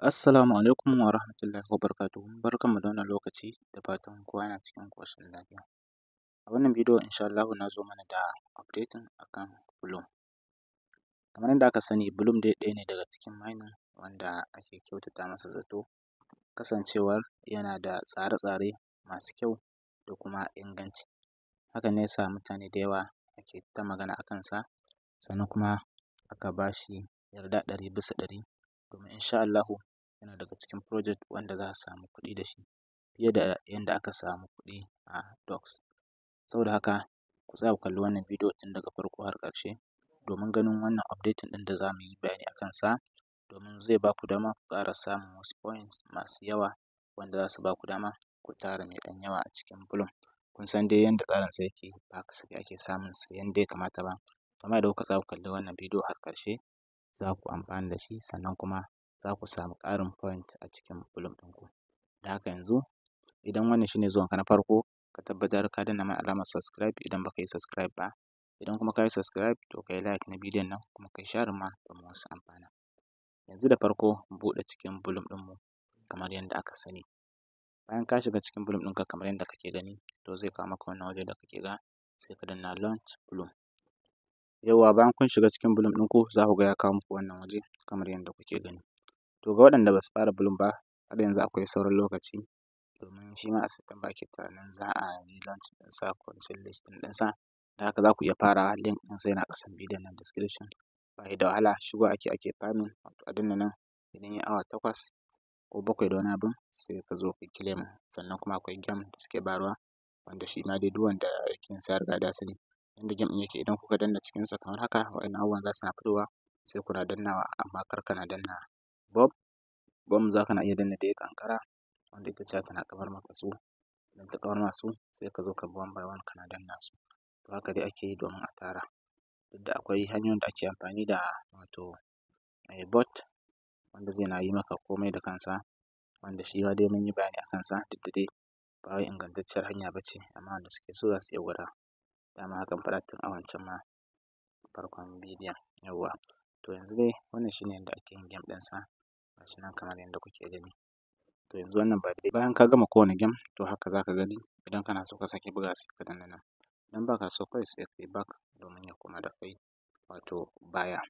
Assalamu alaikum wa rahmatullahi wa barakatuhu. Barkanmu da wannan lokaci da fatan kowa yana cikin ƙoshin lafiya. A wannan bidiyo insha Allahu na zo mana da updating akan Bloom. Kamar yadda aka sani Bloom dai ɗaya ne daga cikin mining wanda ake kyautata masa zato kasancewar yana da tsare-tsare masu kyau da kuma inganci. Hakan ne yasa mutane da yawa ake ta magana a kansa sannan kuma aka ba shi yarda ɗari bisa ɗari domin insha Allahu yana daga cikin project wanda za a samu kuɗi da shi fiye da yadda aka samu kuɗi a docs. Saboda haka ku tsaya ku kalli wannan bidiyo tun daga farko har ƙarshe domin ganin wannan updating ɗin da za mu yi bayani a kansa domin zai ba ku dama ku ƙara samun wasu points masu yawa wanda za su ba ku dama ku tara mai ɗan yawa a cikin bulum Kun san dai yadda tsarin sa yake ba ake samun sa yadda ya kamata ba. Amma yadda kuka tsaya ku kalli wannan bidiyo har ƙarshe za ku amfana da shi sannan kuma za ku samu ƙarin point a cikin bulum ɗinku. Da haka yanzu idan wannan shine ka na farko ka tabbatar ka danna mana alamar subscribe idan baka yi subscribe ba. Idan kuma ka yi subscribe to ka yi like na bidiyon nan kuma ka yi share ma domin wasu amfana. Yanzu da farko buɗe cikin bulum ɗinmu kamar yadda aka sani. Bayan ka shiga cikin bulum ɗinka kamar yadda kake gani to zai kawo maka wannan waje da kake ga sai ka danna launch bulum. Yauwa bayan kun shiga cikin bulum ɗinku za ku ga ya kawo muku wannan waje kamar yadda kuke gani. To ga waɗanda ba su fara Bloom ba, har yanzu akwai sauran lokaci domin shi ma a September ake tunanin za a yi launching ɗinsa ko ce release ɗin ɗinsa. Don haka za ku iya farawa, link ɗinsa yana ƙasan bidiyon nan description. Ba yi da wahala, shigowa ake ake famin wato a danna nan idan ya awa takwas ko bakwai da wani abin sai ka zo ka claim. Sannan kuma akwai game da suke bayarwa wanda shi ma dai duk wanda yake sai ya riga ya sani. Yanda game yake idan kuka danna cikinsa kamar haka, waɗannan abubuwan za su na fitowa sai kuna dannawa amma kar kana dannawa. Bob. Bom za na iya danna dai ƙanƙara wanda ita ce tana kamar maka su. Idan ta kamar masu, sai ka zo ka bi wan by kana danna su. To haka dai ake yi domin a tara. Duk da akwai hanyoyin da ake amfani da wato eh, bot wanda zai na yi maka komai da kansa wanda shi ma dai mun yi bayani a kansa duk da dai ba wai ingantacciyar hanya ba ce amma wanda suke so za su iya gwada. Dama hakan faɗa tun a wancan ma farkon bidiyon yauwa. To yanzu dai wannan shi ne yadda ake yin game ɗinsa. gashi nan kamar yadda kuke gani to yanzu wannan ba dai bayan ka gama kowane gem to haka za ka gani idan kana so ka sake buga sai ka danna nan idan ba ka so kawai sai ka yi back domin ya koma da kai wato baya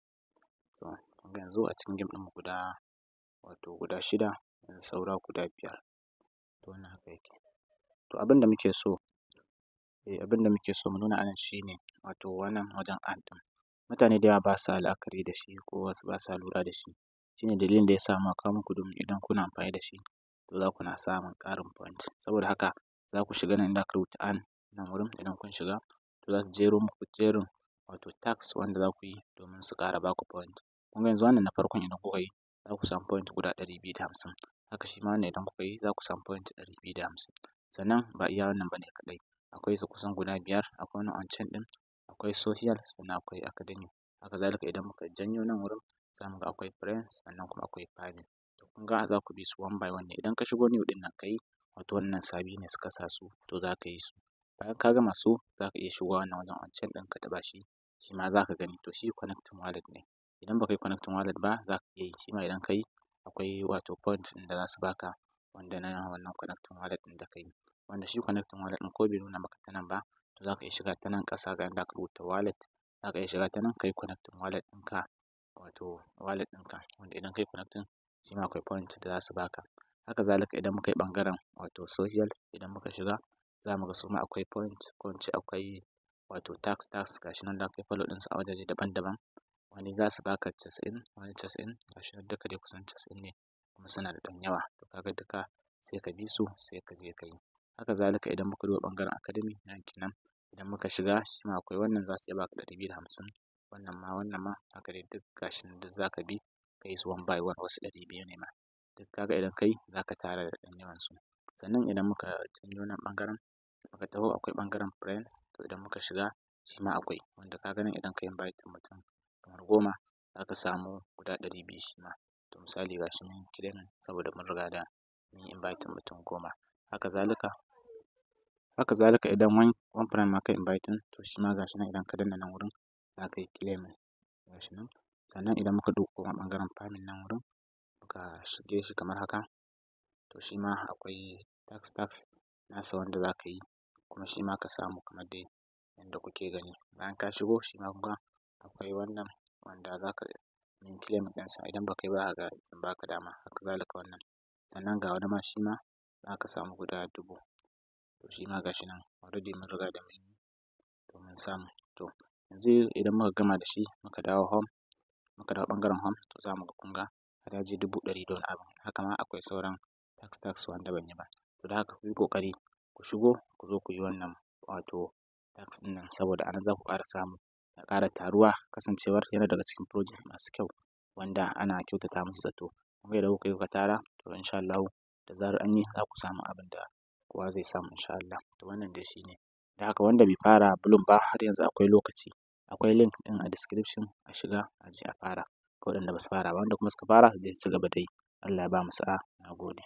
to kun ga yanzu a cikin gem ɗin guda wato guda shida yanzu saura guda biyar to wannan haka yake to abin da muke so eh abin da muke so mu nuna anan shine wato wannan wajen add ɗin mutane da yawa ba sa la'akari da shi ko wasu ba sa lura da shi Shi ne dalilin da ya sa ma kawo muku domin idan kuna amfani da shi to za ku na samun ƙarin point. Saboda haka za ku shiga nan inda aka rubuta an nan wurin idan kun shiga to za su jero muku jerin wato tax wanda za ku yi domin su ƙara ba ku point. Kun ga yanzu wannan na farkon idan kuka yi za ku samu point guda ɗari biyu da hamsin. Haka shi ma wannan idan kuka yi za ku samu point ɗari biyu da hamsin. Sannan ba iya wannan ba ne kaɗai. Akwai su kusan guda biyar. Akwai na on chain ɗin, akwai social sannan akwai academic. Haka zalika idan muka janyo nan wurin za mu ga akwai friends sannan kuma akwai family. To kun ga za ku bi su one by one Idan ka shigo new ɗin nan ka yi, wato wannan sabi ne suka sa su to za ka yi su. Bayan ka gama su za ka iya shigo wannan wajen wancan ɗin ka taɓa shi, shi ma za ka gani. To shi connecting wallet ne. Idan ba ka yi connecting wallet ba za ka iya yi. Shi ma idan ka yi akwai wato point ɗin da za su ba ka wanda na wannan connecting wallet ɗin da ka yi. Wanda shi connecting wallet ɗin ko bai nuna maka ta nan ba to za ka iya shiga ta nan ƙasa ga inda aka rubuta wallet. Za ka iya shiga ta nan kai yi connecting wallet ɗinka. wato wallet ɗinka wanda idan kai connecting shi ma akwai point da za su baka haka zalika idan muka yi ɓangaren wato social idan muka shiga za mu ga su ma akwai point ko in ce akwai wato tax tax shi nan da kai follow ɗinsu a wajaje daban-daban wani za su baka casa'in wani casa'in shi nan duka dai kusan casa'in ne kuma suna da ɗan yawa to kaga duka sai ka bi su sai ka je ka yi haka zalika idan muka duba ɓangaren academy nan kenan idan muka shiga shi ma akwai wannan za su iya baka ɗari biyu da hamsin wannan ma wannan ma haka dai duk gashin nan duk zaka bi kai su one by one wasu ɗari biyu ne ma duk kaga idan kai zaka tara da ɗan yawan su sannan idan muka janyo nan ɓangaren muka taho akwai ɓangaren friends to idan muka shiga shi ma akwai wanda ka ga nan idan ka invite mutum kamar goma zaka samu guda ɗari biyu shi ma to misali gashi mun kira nan saboda mun riga da mun invite mutum goma haka zalika haka zalika idan wani one friend ma ka invite to shi ma shi nan idan ka danna nan wurin za ka yi ga shi nan. Sannan idan muka ɗauko ma ɓangaren farming nan wurin muka shige shi kamar haka to shi ma akwai tax tax nasa wanda za ka yi kuma shi ma ka samu kamar dai yanda kuke gani. Bayan ka shigo shi ma kuma akwai wannan wanda za ka yi claiming ɗinsa idan ba kai ba za ga ba ka dama haka zalika wannan. Sannan ga wani ma shi ma za ka samu guda dubu to shi ma shi nan already mun riga da mun yi to mun samu to. yanzu idan muka gama da shi muka dawo home muka dawo ɓangaren home to za mu ga kun ga haraji dubu ɗari da wani abu haka ma akwai sauran tax tax wanda ban yi ba to da haka ku yi ƙoƙari ku shigo ku zo ku yi wannan wato tax ɗin nan saboda a nan za ku ƙara samu da ƙara taruwa kasancewar yana daga cikin project masu kyau wanda ana kyautata musu zato kuma idan kuka yi kuka tara to insha Allahu da zarar an yi za ku samu abin da kowa zai samu insha Allah to wannan dai shi ne. Da haka wanda bai fara bulon ba har yanzu akwai lokaci. Akwai link ɗin a description a shiga a je a fara. Ga waɗanda ba su fara ba, wanda kuma suka fara zai ci gaba da yi. Allah ya ba mu sa'a. Na gode.